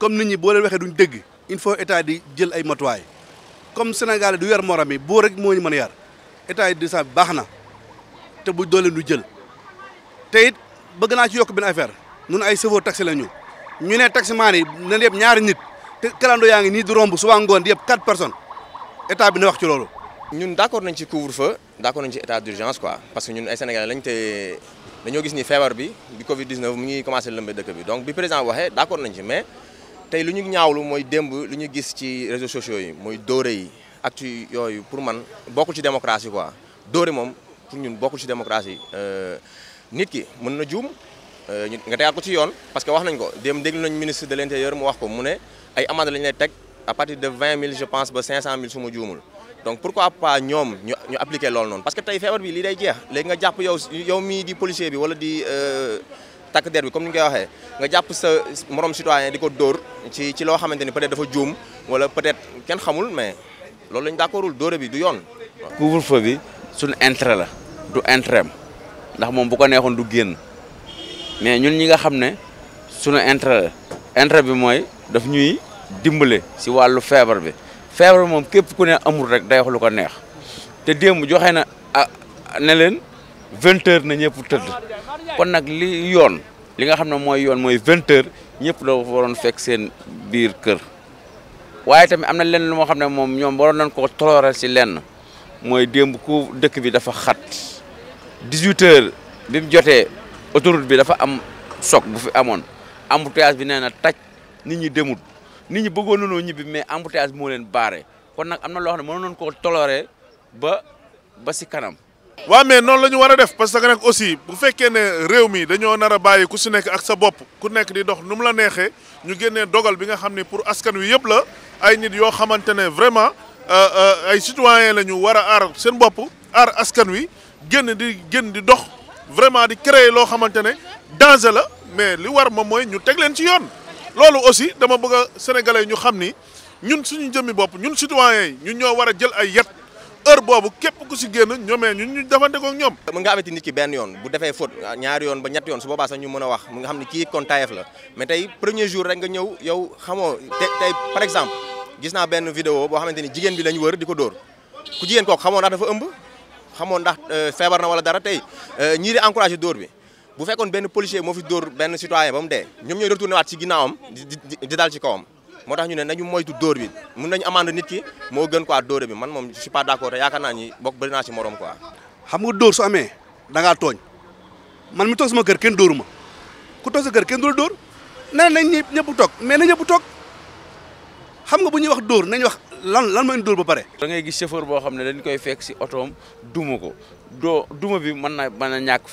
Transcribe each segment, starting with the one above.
comme nit ñi boo leen waxee duñ dëgg il faut état di jël ay matuwaay comme Sénégal du yar morami bo rek moo ñu mën yar état yi di sa baax te bu dooleen ñu jël te it bëgg na ci yok benn affaire ñun ay chauffeur taxi la ñu ñu ne taximaan yi na yëpp ñaar nit te kalandoo yaangi ni du rombu romb ngone ngoon 4 personnes état bi na wax ci lolu ñun d'accord nañ ci couvre-feu d'accord nañ ci état d'urgence quoi parce que ñun ay sénégalais lañ té dañu gis ni feebar bi bi Covid 19 mu ngi commencé lëmbee dëkk bi donc bi président waxee d'accord nañ ci mais. tey lu ñu ñaawlu mooy démb lu ñu gis ci réseaux sociaux yi mooy dóore yi ak ci yooyu pour man bokkul ci démocratie quoi dóore moom pour ñun bokkul ci démocratie euh, nit ki mun na juum euh, nga tegaat ko ci yoon parce que wax nañ ko démb déglu nañ ministre de l'intérieur mu wax ko mu ne ay amende lañ lay teg à partir de 20 000 je pense ba 500 000 su ma juumul donc pourquoi pas ñoom ñu ñu appliquer noonu parce que tey feebar bi lii day jeex léegi nga jàpp yow yow di policier bi wala di euh, takk der bi comme ni nga jàpp sa morom citoyen di ko dóor ci ci loo xamante ni peut dafa juum wala peut-être kenn xamul mais loolu lañ d'accordul dóore bi du yoon. couvre-feu bi suñu intérêt la du intérêt ndax moom bu ko neexoon du génn mais ñun ñi nga xam ne suñu intérêt la intérêt bi mooy daf ñuy dimbale si wàllu feebar bi feebar moom képp ku ne amul rek day lu ko neex te démb joxe na ah, ne vingt heures na ñëpp teud kon nak li yoon li nga xamne moy yoon moy vingt heures ñëpp la waroon fekk seen biir kër waye tamit amna lenn lu mo xamne mom ñom waron nañ ko tolooral ci lenn moy demb ku dëkk bi dafa xat 18 huit heures bi mu autoroute bi dafa am sok bu fi amone embouteillage bi neena na nit ñi demut nit ñi bëggono no ñibi mais embouteillage mo leen baare kon nak amna lo xamne xam ne mënoon koo ba ba ci kanam waaw mais noonu la ñu war a def parce que nag aussi bu fekkee ne réew mi dañoo nar a bàyyi ku si nekk ak sa bopp ku nekk di dox nu mu la neexee ñu génnee dogal bi nga xam ne pour askan wi yëpp la ay nit yoo xamante ne vraiment euh, euh, ay citoyen la ñu war a aar seen bopp aar askan wi génn di génn di dox vraiment di créer loo xamante ne danger la mais li war moom mooy ñu teg leen ci yoon. loolu aussi dama bëgg a sénégalais ñu xam ni ñun suñu jëmmi bopp ñun citoyen yi ñun ñoo war a jël ay yet. heure boobu képp ku si génn ñoomee ñun ñu defante ko ñoom mën nga amati nit ki benn yoon bu defee faute ah, ñaar yoon ba ñetti yoon su boobaa sax ñu mën a wax mu nga xam ne kii kon tayef la mais tey premier jour rek nga ñëw yow xamoo te tey par exemple gis naa benn vidéo boo xamante ni jigéen bi lañu war di ko dóor ku jigéen kooku xamoo ndax dafa ëmb xamoo ndax euh, feebar na wala dara tey euh, ñii di encouragé dóor bi bu fekkoon benn policier moo fi dóor benn citoyen ba mu dee ñoom ñooy retourné waat ci ginnaawam di di dal ci kawam motax ñu né nañu moytu dóor bi mën nañ amande nit ki mo gën quoi dóore bi man mom je suis pas d'accord accord morom quoi. xam nga ame, su amé da nga togn man mi toog sama kër kenn dóoru ku toog sa kër kenn du la nañ ñi ñepp tok mais na ñepp tok xam nga bu wax dóor nañ wax lan lan mooy dóor ba pare. da ngay gis chauffeur bo xamné dañ koy fekk ci auto duma ko do duma bi man na man na ñàkk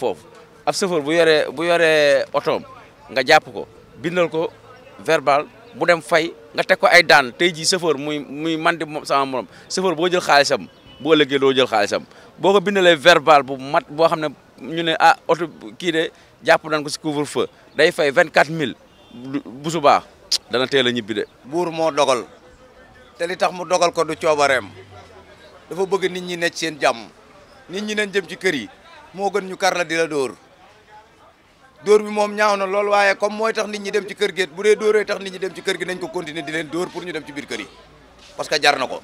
ab chauffeur bu yoré bu yoré auto nga japp ko bindal ko verbal. bu dem fay nga teg ko ay daan tey jii chauffeur muy muy man di sama morom chauffeur boo jël xaalisam boo ëllëgee doo jël xaalisam boo ko bindalee verbal bu mat boo xam ne ñu ne ah oto kii de jàpp nañ ko si couvre feu day fay vingt quatre mille bu subaa dana teel a ñibbi de. buur moo dogal te li tax mu dogal ko du coobareem dafa bëgg nit ñi nekk seen jàmm nit ñi nañ jëm ci kër yi moo gën ñu kar la di la dóor. dóor bi moom ñaaw na lool waaye comme mooy tax nit ñi dem ci kër gi bu dee dóoree tax nit ñi dem ci kër gi nañ ko continuer di leen dóor pour ñu dem ci biir kër yi parce que jar na ko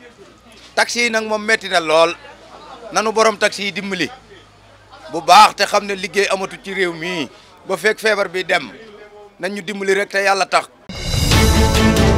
taxi yi nag moom metti na lool nanu borom taxi yi dimbali bu baax te xam ne liggéey amatu ci réew mii ba fekk feebar bi dem nañ ñu dimbali rek te yàlla tax